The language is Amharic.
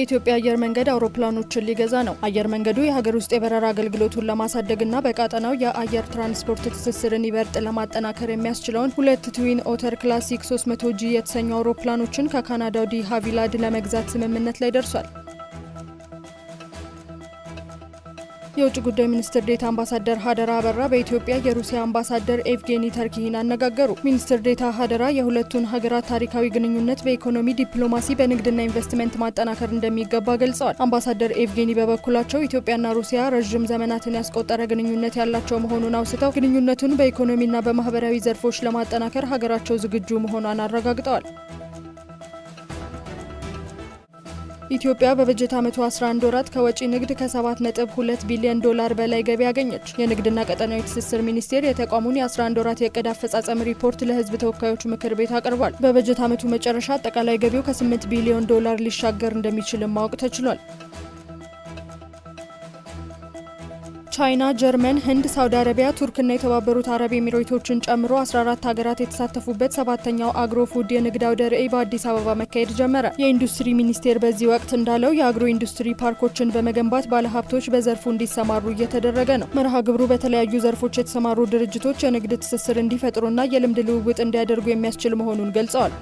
የኢትዮጵያ አየር መንገድ አውሮፕላኖችን ሊገዛ ነው። አየር መንገዱ የሀገር ውስጥ የበረራ አገልግሎቱን ለማሳደግና በቀጠናው የአየር ትራንስፖርት ትስስርን ይበልጥ ለማጠናከር የሚያስችለውን ሁለት ትዊን ኦተር ክላሲክ 300 ጂ የተሰኙ አውሮፕላኖችን ከካናዳው ዲ ሀቪላድ ለመግዛት ስምምነት ላይ ደርሷል። የውጭ ጉዳይ ሚኒስትር ዴታ አምባሳደር ሀደራ አበራ በኢትዮጵያ የሩሲያ አምባሳደር ኤቭጌኒ ተርኪሂን አነጋገሩ። ሚኒስትር ዴታ ሀደራ የሁለቱን ሀገራት ታሪካዊ ግንኙነት በኢኮኖሚ ዲፕሎማሲ፣ በንግድና ኢንቨስትመንት ማጠናከር እንደሚገባ ገልጸዋል። አምባሳደር ኤቭጌኒ በበኩላቸው ኢትዮጵያና ሩሲያ ረዥም ዘመናትን ያስቆጠረ ግንኙነት ያላቸው መሆኑን አውስተው ግንኙነቱን በኢኮኖሚና በማህበራዊ ዘርፎች ለማጠናከር ሀገራቸው ዝግጁ መሆኗን አረጋግጠዋል። ኢትዮጵያ በበጀት ዓመቱ 11 ወራት ከወጪ ንግድ ከ7.2 ቢሊዮን ዶላር በላይ ገቢ አገኘች። የንግድና ቀጠናዊ ትስስር ሚኒስቴር የተቋሙን የ11 ወራት የዕቅድ አፈጻጸም ሪፖርት ለሕዝብ ተወካዮች ምክር ቤት አቅርቧል። በበጀት ዓመቱ መጨረሻ አጠቃላይ ገቢው ከ8 ቢሊዮን ዶላር ሊሻገር እንደሚችልም ማወቅ ተችሏል። ቻይና፣ ጀርመን፣ ህንድ፣ ሳውዲ አረቢያ፣ ቱርክና የተባበሩት አረብ ኤሚሬቶችን ጨምሮ 14 ሀገራት የተሳተፉበት ሰባተኛው አግሮ ፉድ የንግድ አውደ ርዕይ በአዲስ አበባ መካሄድ ጀመረ። የኢንዱስትሪ ሚኒስቴር በዚህ ወቅት እንዳለው የአግሮ ኢንዱስትሪ ፓርኮችን በመገንባት ባለሀብቶች በዘርፉ እንዲሰማሩ እየተደረገ ነው። መርሃ ግብሩ በተለያዩ ዘርፎች የተሰማሩ ድርጅቶች የንግድ ትስስር እንዲፈጥሩና የልምድ ልውውጥ እንዲያደርጉ የሚያስችል መሆኑን ገልጸዋል።